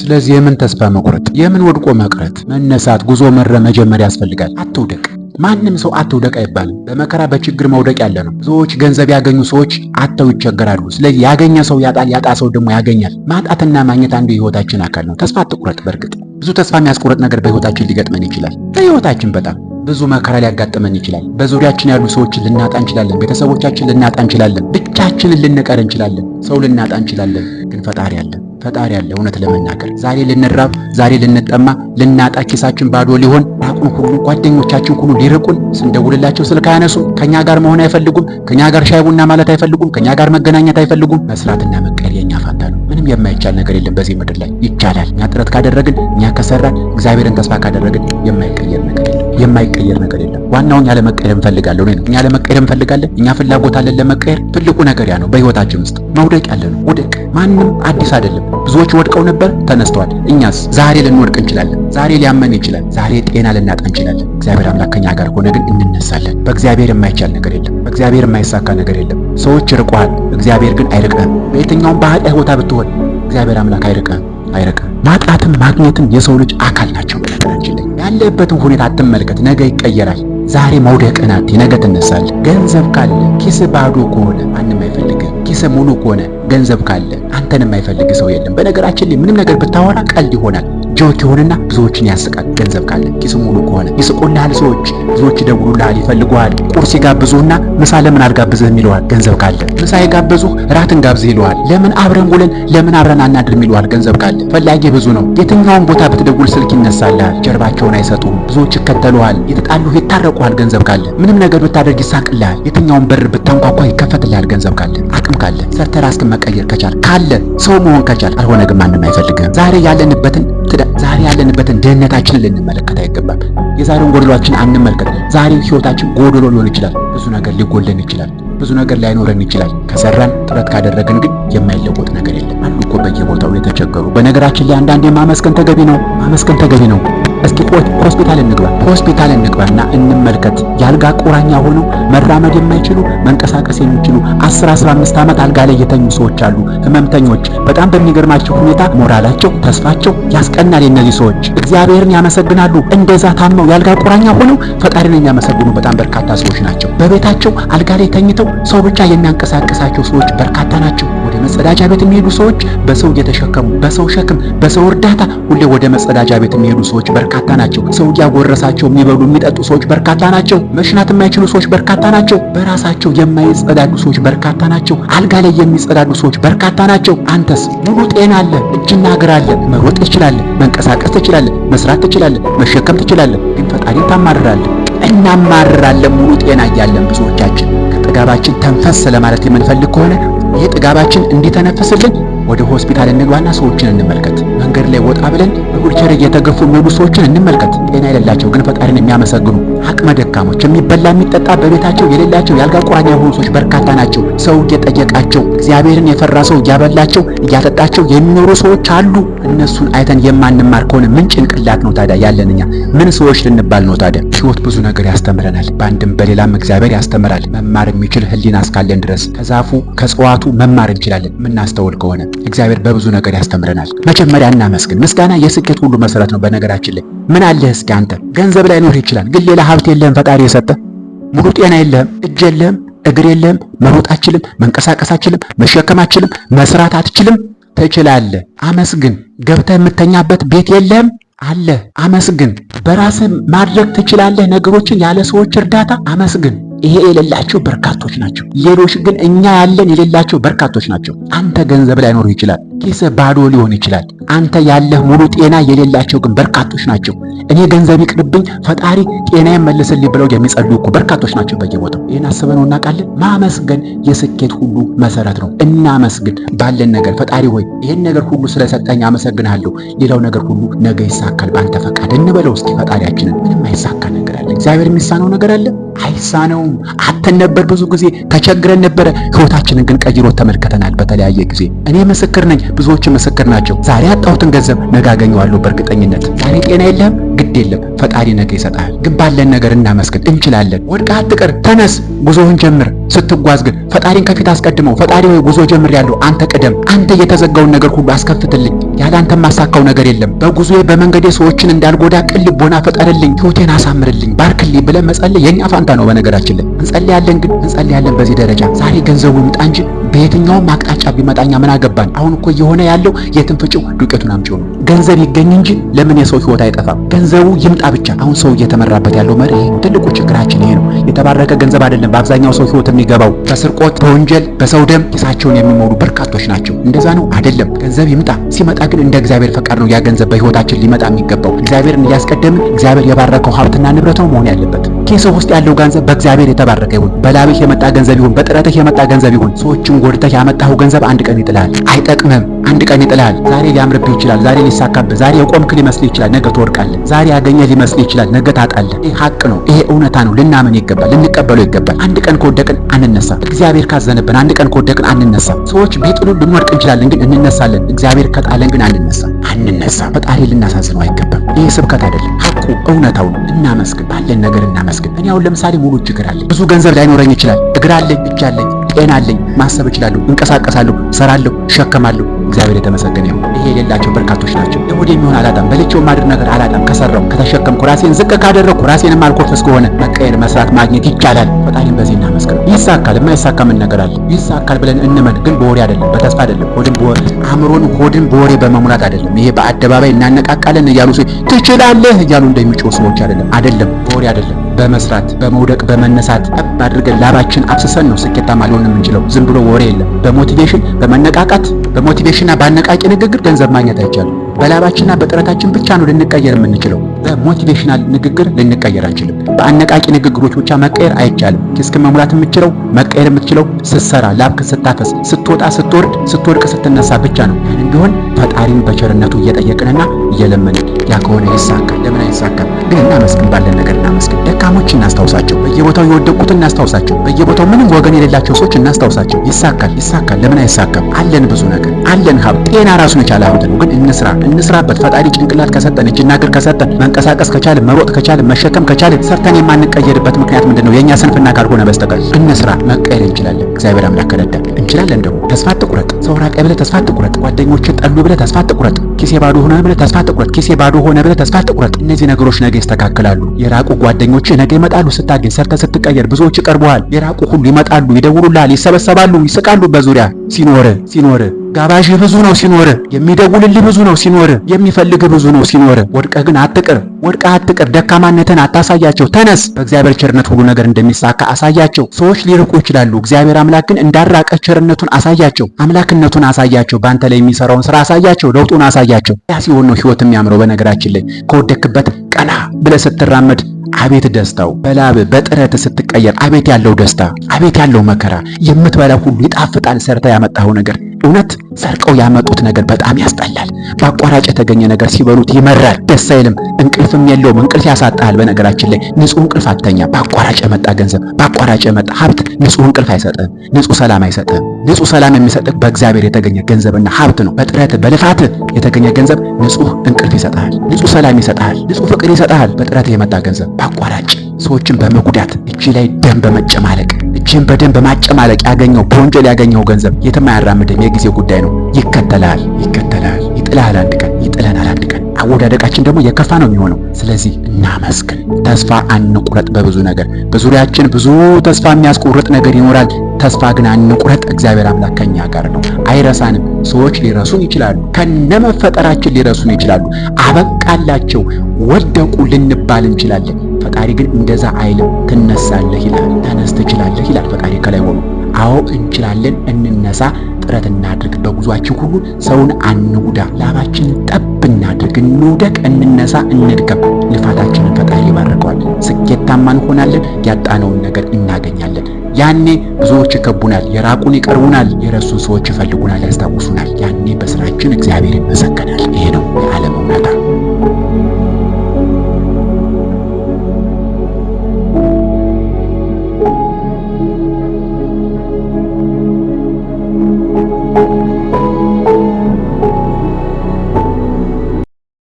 ስለዚህ የምን ተስፋ መቁረጥ፣ የምን ወድቆ መቅረት፣ መነሳት፣ ጉዞ መረ መጀመር ያስፈልጋል። አትውደቅ። ማንም ሰው አትውደቅ አይባልም። በመከራ በችግር መውደቅ ያለ ነው። ብዙዎች ገንዘብ ያገኙ ሰዎች አጥተው ይቸገራሉ። ስለዚህ ያገኘ ሰው ያጣል፣ ያጣ ሰው ደግሞ ያገኛል። ማጣትና ማግኘት አንዱ የህይወታችን አካል ነው። ተስፋ አትቁረጥ። በእርግጥ ብዙ ተስፋ የሚያስቆረጥ ነገር በህይወታችን ሊገጥመን ይችላል። በህይወታችን በጣም ብዙ መከራ ሊያጋጥመን ይችላል። በዙሪያችን ያሉ ሰዎችን ልናጣ እንችላለን። ቤተሰቦቻችን ልናጣ እንችላለን። ብቻችንን ልንቀር እንችላለን። ሰው ልናጣ እንችላለን። ግን ፈጣሪ አለን። ፈጣሪ አለ። እውነት ለመናገር ዛሬ ልንራብ፣ ዛሬ ልንጠማ፣ ልናጣ፣ ኪሳችን ባዶ ሊሆን፣ ራቁን ሁሉ ጓደኞቻችን ሁሉ ሊርቁን፣ ስንደውልላቸው ስልክ አያነሱም፣ ከኛ ጋር መሆን አይፈልጉም፣ ከኛ ጋር ሻይ ቡና ማለት አይፈልጉም፣ ከኛ ጋር መገናኘት አይፈልጉም። መስራትና መቀየር የኛ ፋንታ ነው። ምንም የማይቻል ነገር የለም በዚህ ምድር ላይ ይቻላል። እኛ ጥረት ካደረግን፣ እኛ ከሰራን፣ እግዚአብሔርን ተስፋ ካደረግን የማይቀየር ነገር የማይቀየር ነገር የለም። ዋናውን ያለ መቀየር እንፈልጋለሁ ነው። እኛ ለመቀየር እንፈልጋለን። እኛ ፍላጎት አለን ለመቀየር። ትልቁ ነገር ያ ነው። በህይወታችን ውስጥ መውደቅ ያለ ነው። ውደቅ። ማንም አዲስ አይደለም። ብዙዎች ወድቀው ነበር፣ ተነስተዋል። እኛስ ዛሬ ልንወድቅ እንችላለን። ዛሬ ሊያመን ይችላል። ዛሬ ጤና ልናጣ እንችላለን። እግዚአብሔር አምላክ ከኛ ጋር ከሆነ ግን እንነሳለን። በእግዚአብሔር የማይቻል ነገር የለም። በእግዚአብሔር የማይሳካ ነገር የለም። ሰዎች ይርቁሃል፣ እግዚአብሔር ግን አይርቀም በየትኛውም ባህር ቦታ ብትሆን እግዚአብሔር አምላክ አይርቀም አይርቀም ማጣትም ማግኘትም የሰው ልጅ አካል ናቸው። መፍጠር ያለበትን ሁኔታ አትመልከት። ነገ ይቀየራል። ዛሬ መውደቅህን አትይ፣ ነገ ትነሳለህ። ገንዘብ ካለ ኪስ ባዶ ከሆነ ማንም አይፈልግህ። ኪስ ሙሉ ከሆነ ገንዘብ ካለ አንተንም አይፈልግ ሰው የለም። በነገራችን ላይ ምንም ነገር ብታወራ ቀልድ ይሆናል። ጆክ ይሆንና ብዙዎችን ያስቃል። ገንዘብ ካለ ኪሱ ሙሉ ከሆነ ይስቁልሃል። ሰዎች ብዙዎች ይደውሉልሃል፣ ይፈልጉሃል። ቁርስ ይጋብዙህና ምሳ ለምን አልጋብዝህም ይለዋል። ገንዘብ ካለ ምሳ የጋበዙህ ራትን ጋብዝህ ይለዋል። ለምን አብረን ውለን ለምን አብረን አናድርም ይለዋል። ገንዘብ ካለ ፈላጊ ብዙ ነው። የትኛውን ቦታ ብትደውል ስልክ ይነሳልሃል። ጀርባቸውን አይሰጡም። ብዙዎች ይከተሉሃል፣ የተጣሉ ይታረቁሃል። ገንዘብ ካለ ምንም ነገር ብታደርግ ይሳቅልሃል። የትኛውን በር ብታንኳኳ ይከፈትልሃል። ገንዘብ ካለ አቅም ካለ ሰርተህ መቀየር ከቻል ካለ ሰው መሆን ከቻል አልሆነ ግን ማንም አይፈልግህም። ዛሬ ያለንበትን ዛሬ ያለንበትን ድህነታችንን ልንመለከት አይገባም። የዛሬውን ጎደሏችን አንመልከት። ዛሬው ህይወታችን ጎደሎ ሊሆን ይችላል። ብዙ ነገር ሊጎለን ይችላል። ብዙ ነገር ላይኖረን ይችላል። ከሰራን ጥረት ካደረግን ግን የማይለወጥ ነገር የለም። አሉ እኮ በየቦታው የተቸገሩ። በነገራችን ላይ አንዳንዴ ማመስገን ተገቢ ነው። ማመስገን ተገቢ ነው። እስኪ ሆስፒታል እንግባ ሆስፒታል እንግባና እንመልከት። የአልጋ ቁራኛ ሆነው መራመድ የማይችሉ መንቀሳቀስ የሚችሉ 10 15 ዓመት አልጋ ላይ የተኙ ሰዎች አሉ። ህመምተኞች በጣም በሚገርማቸው ሁኔታ ሞራላቸው፣ ተስፋቸው ያስቀናል። የእነዚህ ሰዎች እግዚአብሔርን ያመሰግናሉ። እንደዛ ታመው የአልጋ ቁራኛ ሆነው ፈጣሪን የሚያመሰግኑ በጣም በርካታ ሰዎች ናቸው። በቤታቸው አልጋ ላይ ተኝተው ሰው ብቻ የሚያንቀሳቀሳቸው ሰዎች በርካታ ናቸው። ወደ መጸዳጃ ቤት የሚሄዱ ሰዎች በሰው እየተሸከሙ በሰው ሸክም በሰው እርዳታ ሁሌ ወደ መጸዳጃ ቤት የሚሄዱ ሰዎች በርካታ በርካታ ናቸው። ሰውዲ ያጎረሳቸው የሚበሉ የሚጠጡ ሰዎች በርካታ ናቸው። መሽናት የማይችሉ ሰዎች በርካታ ናቸው። በራሳቸው የማይጸዳዱ ሰዎች በርካታ ናቸው። አልጋ ላይ የሚጸዳዱ ሰዎች በርካታ ናቸው። አንተስ ሙሉ ጤና አለ፣ እጅና እግር አለ፣ መሮጥ ትችላለህ፣ መንቀሳቀስ ትችላለ መስራት ትችላለ መሸከም ትችላለ ግን ታማራለ ታማርራለህ። እናማርራለን ሙሉ ጤና እያለን ብዙዎቻችን ከጥጋባችን ተንፈስ ለማለት የምንፈልግ ከሆነ ይህ ጥጋባችን ወደ ሆስፒታል እንግባና ሰዎችን እንመልከት። መንገድ ላይ ወጣ ብለን በዊልቸር እየተገፉ የሚሄዱ ሰዎችን እንመልከት። ጤና የሌላቸው ግን ፈጣሪን የሚያመሰግኑ አቅመ ደካሞች፣ የሚበላ የሚጠጣ በቤታቸው የሌላቸው ያልጋ ቁራኛ የሆኑ ሰዎች በርካታ ናቸው። ሰው እየጠየቃቸው እግዚአብሔርን የፈራ ሰው እያበላቸው እያጠጣቸው የሚኖሩ ሰዎች አሉ። እነሱን አይተን የማንማር ከሆነ ምን ጭንቅላት ነው ታዲያ ያለንኛ? ምን ሰዎች ልንባል ነው ታዲያ? ሕይወት ብዙ ነገር ያስተምረናል። በአንድም በሌላም እግዚአብሔር ያስተምራል። መማር የሚችል ህሊና እስካለን ድረስ ከዛፉ ከእጽዋቱ መማር እንችላለን። የምናስተውል ከሆነ እግዚአብሔር በብዙ ነገር ያስተምረናል። መጀመሪያ እናመስግን። ምስጋና የስኬት ሁሉ መሰረት ነው። በነገራችን ላይ ምን አለህ እስኪ አንተ? ገንዘብ ላይ ኖር ይችላል፣ ግን ሌላ ሀብት የለህም። ፈጣሪ የሰጠ ሙሉ ጤና የለህም፣ እጅ የለህም፣ እግር የለህም፣ መሮጥ አችልም መንቀሳቀስ አትችልም፣ መሸከም አችልም መስራት አትችልም። ትችላለህ፣ አመስግን። ገብተህ የምተኛበት ቤት የለህም፣ አለ፣ አመስግን። በራስህ ማድረግ ትችላለህ ነገሮችን ያለ ሰዎች እርዳታ፣ አመስግን። ይሄ የሌላቸው በርካቶች ናቸው። ሌሎች ግን እኛ ያለን የሌላቸው በርካቶች ናቸው። አንተ ገንዘብ ላይኖር ይችላል፣ ኪስህ ባዶ ሊሆን ይችላል። አንተ ያለህ ሙሉ ጤና የሌላቸው ግን በርካቶች ናቸው። እኔ ገንዘብ ይቅርብኝ፣ ፈጣሪ ጤናዬን መልስልኝ ብለው የሚጸልዩ እኮ በርካቶች ናቸው በየቦታው። ይህን አስበነው እናውቃለን። ማመስገን የስኬት ሁሉ መሰረት ነው። እናመስግን ባለን ነገር። ፈጣሪ ሆይ ይህን ነገር ሁሉ ስለሰጠኝ አመሰግናለሁ ሌላው ነገር ሁሉ ነገ ይሳካል በአንተ ፈቃድ እንበለው እስኪ ፈጣሪያችንን። ምንም አይሳካ ነገር አለ? እግዚአብሔር የሚሳነው ነገር አለ? ነው። አተን ነበር ብዙ ጊዜ ተቸግረን ነበረ። ህይወታችንን ግን ቀይሮ ተመልከተናል በተለያየ ጊዜ። እኔ ምስክር ነኝ፣ ብዙዎች ምስክር ናቸው። ዛሬ አጣሁትን ገንዘብ ነገ አገኘዋለሁ በእርግጠኝነት። ዛሬ ጤና የለም ግድ የለም ፈጣሪ ነገ ይሰጣል። ግን ባለን ነገር እናመስግን። እንችላለን። ወድቀህ አትቀር፣ ተነስ፣ ጉዞን ጀምር። ስትጓዝ ግን ፈጣሪን ከፊት አስቀድመው። ፈጣሪ ሆይ ጉዞ ጀምር ያለው አንተ ቅደም፣ አንተ የተዘጋውን ነገር ሁሉ አስከፍትልኝ፣ ያለ አንተ የማሳካው ነገር የለም። በጉዞዬ በመንገዴ ሰዎችን እንዳልጎዳ ቅን ልቦና ፈጠርልኝ፣ ህይወቴን አሳምርልኝ፣ ባርክልኝ ብለህ መጸለይ የኛ ፋንታ ነው። በነገራችን ላይ እንጸልያለን፣ ግን እንጸልያለን በዚህ ደረጃ ዛሬ ገንዘቡ ይምጣ እንጂ በየትኛውም አቅጣጫ ቢመጣኛ ምን አገባን? አሁን እኮ እየሆነ ያለው የትን ፍጪው ዱቄቱን አምጪው ነው። ገንዘብ ይገኝ እንጂ ለምን የሰው ህይወት አይጠፋም? ገንዘቡ ይምጣ ብቻ። አሁን ሰው እየተመራበት ያለው መሪ ትልቁ ችግራችን ይሄ ነው። የተባረከ ገንዘብ አይደለም በአብዛኛው ሰው ህይወት የሚገባው። በስርቆት፣ በወንጀል፣ በሰው ደም ኪሳቸውን የሚሞሉ በርካቶች ናቸው። እንደዛ ነው አይደለም። ገንዘብ ይምጣ። ሲመጣ ግን እንደ እግዚአብሔር ፈቃድ ነው ያ ገንዘብ በህይወታችን ሊመጣ የሚገባው። እግዚአብሔርን እያስቀደምን እግዚአብሔር የባረከው ሀብትና ንብረት ነው መሆን ያለበት። ኬስህ ውስጥ ያለው ገንዘብ በእግዚአብሔር የተባረከ ይሁን። በላብህ የመጣ ገንዘብ ይሁን፣ በጥረትህ የመጣ ገንዘብ ይሁን። ሰዎችን ጎድተህ ያመጣኸው ገንዘብ አንድ ቀን ይጥላል። አይጠቅምም። አንድ ቀን ይጥላል። ዛሬ ሊያምርብህ ይችላል። ዛሬ ሊሳካብህ፣ ዛሬ የቆምክ ሊመስልህ ይችላል። ነገ ትወድቃለህ። ዛሬ ያገኘ ሊመስል ይችላል፣ ነገ ታጣለ። ይሄ ሀቅ ነው። ይሄ እውነታ ነው። ልናምን ይገባል፣ ልንቀበለው ይገባል። አንድ ቀን ከወደቅን አንነሳ እግዚአብሔር ካዘነብን አንድ ቀን ከወደቅን አንነሳ ሰዎች ቢጥሉ ልንወድቅ እንችላለን፣ ግን እንነሳለን። እግዚአብሔር ከጣለን ግን አንነሳ አንነሳ። ፈጣሪ ልናሳዝነው አይገባም። ይሄ ስብከት አይደለም፣ ሀቁ እውነታው ነው። እናመስግን፣ ባለን ነገር እናመስግን። እኔ አሁን ለምሳሌ ሙሉ እጅ እግር አለኝ። ብዙ ገንዘብ ላይኖረኝ ይችላል፣ እግር አለኝ፣ እጅ አለኝ ጤና አለኝ፣ ማሰብ እችላለሁ፣ እንቀሳቀሳለሁ፣ ሰራለሁ፣ እሸከማለሁ። እግዚአብሔር የተመሰገነ ይሁን። ይሄ የሌላቸው በርካቶች ናቸው። ለሆዴ የሚሆን አላጣም፣ በልቼው ማድር ነገር አላጣም። ከሰራው፣ ከተሸከምኩ፣ ራሴን ዝቅ ካደረግኩ፣ ራሴንም አልኮርፍስ ከሆነ መቀየር፣ መስራት፣ ማግኘት ይቻላል። ፈጣሪን በዚህ እናመስግነው። ይሳካል። የማይሳካ ምን ነገር አለ? ይሳካል ብለን እንመን። ግን በወሬ አይደለም፣ በተስፋ አይደለም። ሆድን በወሬ አእምሮን ሆድን በወሬ በመሙላት አይደለም። ይሄ በአደባባይ እናነቃቃለን እያሉ ትችላለህ እያሉ እንደሚጮህ ሰዎች አይደለም፣ አይደለም፣ በወሬ አይደለም በመስራት በመውደቅ በመነሳት ጠብ አድርገን ላባችን አብስሰን ነው ስኬታማ ሊሆን የምንችለው። ዝም ብሎ ወሬ የለም። በሞቲቬሽን በመነቃቃት በሞቲቬሽንና በአነቃቂ ንግግር ገንዘብ ማግኘት አይቻልም። በላባችንና በጥረታችን ብቻ ነው ልንቀየር የምንችለው። በሞቲቬሽናል ንግግር ልንቀየር አንችልም። በአነቃቂ ንግግሮች ብቻ መቀየር አይቻልም። ኪስክ መሙላት የምትችለው መቀየር የምትችለው ስትሰራ፣ ላብክ ስታፈስ፣ ስትወጣ፣ ስትወርድ፣ ስትወድቅ፣ ስትነሳ ብቻ ነው። ቢሆን ፈጣሪን በቸርነቱ እየጠየቅንና እየለመንን ያ ከሆነ ይሳካል። ለምን አይሳካም? ግን እናመስግን፣ ባለን ነገር እናመስግን። ደካሞች እናስታውሳቸው፣ በየቦታው የወደቁት እናስታውሳቸው፣ በየቦታው ምንም ወገን የሌላቸው ሰዎች እናስታውሳቸው። ይሳካል፣ ይሳካል። ለምን አይሳካም? አለን ብዙ ነገር አለን። ሀብት ጤና ራሱን የቻለ ሀብት ነው። ግን እንስራ፣ እንስራበት። ፈጣሪ ጭንቅላት ከሰጠን እጅና እግር ከሰጠን መንቀሳቀስ ከቻለ መሮጥ ከቻለ መሸከም ከቻለ ሰርተን የማንቀየርበት ምክንያት ምንድነው? የኛ ስንፍና ካልሆነ በስተቀር እንስራ፣ መቀየር እንችላለን። እግዚአብሔር አምላክ ከረዳ እንችላለን። ደግሞ ተስፋ አትቁረጥ። ሰው ራቀ ብለህ ተስፋ አትቁረጥ። ጓደኞችን ጠሉ ብለህ ተስፋ አትቁረጥ። ኪሴ ባዶ ሆነ ብለህ ተስፋ ትቁረጥ፣ ኪሴ ባዶ ሆነ ብለህ ተስፋ ትቁረጥ። እነዚህ ነገሮች ነገ ይስተካከላሉ። የራቁ ጓደኞች ነገ ይመጣሉ። ስታገኝ ሰርተ ስትቀየር ብዙዎች ይቀርበዋል። የራቁ ሁሉ ይመጣሉ፣ ይደውሉላል፣ ይሰበሰባሉ፣ ይስቃሉ። በዙሪያ ሲኖር ሲኖር ጋባዥ ብዙ ነው ሲኖር፣ የሚደውልልህ ብዙ ነው ሲኖር፣ የሚፈልግህ ብዙ ነው ሲኖር። ወድቀ ግን አትቅር፣ ወድቀ አትቅር። ደካማነትን አታሳያቸው። ተነስ። በእግዚአብሔር ቸርነት ሁሉ ነገር እንደሚሳካ አሳያቸው። ሰዎች ሊርቁ ይችላሉ፣ እግዚአብሔር አምላክ ግን እንዳራቀ ቸርነቱን አሳያቸው፣ አምላክነቱን አሳያቸው፣ በአንተ ላይ የሚሰራውን ስራ አሳያቸው፣ ለውጡን አሳያቸው። ያሳያቸው። ያ ሲሆን ነው ህይወት የሚያምረው። በነገራችን ላይ ከወደክበት ቀና ብለህ ስትራመድ አቤት ደስታው! በላብ በጥረት ስትቀየር አቤት ያለው ደስታ! አቤት ያለው መከራ! የምትበላው ሁሉ ይጣፍጣል። ሰርተ ያመጣኸው ነገር እውነት ሰርቀው ያመጡት ነገር በጣም ያስጠላል። በአቋራጭ የተገኘ ነገር ሲበሉት ይመራል፣ ደስ አይልም። እንቅልፍም የለውም። እንቅልፍ ያሳጣል። በነገራችን ላይ ንጹህ እንቅልፍ አተኛ። በአቋራጭ የመጣ ገንዘብ፣ በአቋራጭ የመጣ ሀብት ንጹህ እንቅልፍ አይሰጥም፣ ንጹህ ሰላም አይሰጥም። ንጹህ ሰላም የሚሰጥህ በእግዚአብሔር የተገኘ ገንዘብና ሀብት ነው። በጥረት በልፋት የተገኘ ገንዘብ ንጹህ እንቅልፍ ይሰጣል፣ ንጹህ ሰላም ይሰጣል፣ ንጹህ ፍቅር ይሰጣል። በጥረት የመጣ ገንዘብ በአቋራጭ ሰዎችን በመጉዳት እጅ ላይ ደም በመጨማለቅ እጅህን በደም በማጨማለቅ ያገኘው በወንጀል ያገኘው ገንዘብ የትም አያራምድም። የጊዜ ጉዳይ ነው። ይከተላል፣ ይከተላል፣ ይጥላል። አንድ ቀን፣ ይጥለናል አንድ ቀን። አወዳደቃችን ደግሞ የከፋ ነው የሚሆነው። ስለዚህ እናመስግን፣ ተስፋ አንቁረጥ። በብዙ ነገር በዙሪያችን ብዙ ተስፋ የሚያስቆርጥ ነገር ይኖራል። ተስፋ ግን አንቁረጥ። እግዚአብሔር አምላክ ከኛ ጋር ነው፣ አይረሳንም። ሰዎች ሊረሱን ይችላሉ፣ ከነመፈጠራችን ሊረሱን ይችላሉ። አበቃላቸው፣ ወደቁ ልንባል እንችላለን። ፈጣሪ ግን እንደዛ አይልም። ትነሳለህ ይላል፣ ተነስ ትችላለህ ይላል ፈጣሪ ከላይ ሆኖ። አዎ እንችላለን፣ እንነሳ፣ ጥረት እናድርግ። በጉዟችን ሁሉ ሰውን አንጉዳ፣ ላባችንን ጠብ እናድርግ፣ እንውደቅ፣ እንነሳ፣ እንድከም። ልፋታችንን ፈጣሪ ይባርከዋል። ስኬታማ እንሆናለን፣ ያጣነውን ነገር እናገኛለን። ያኔ ብዙዎች ይከቡናል፣ የራቁን ይቀርቡናል፣ የረሱን ሰዎች ይፈልጉናል፣ ያስታውሱናል። ያኔ በስራችን እግዚአብሔር ይመሰገናል። ይሄ ነው የዓለም እውነታ።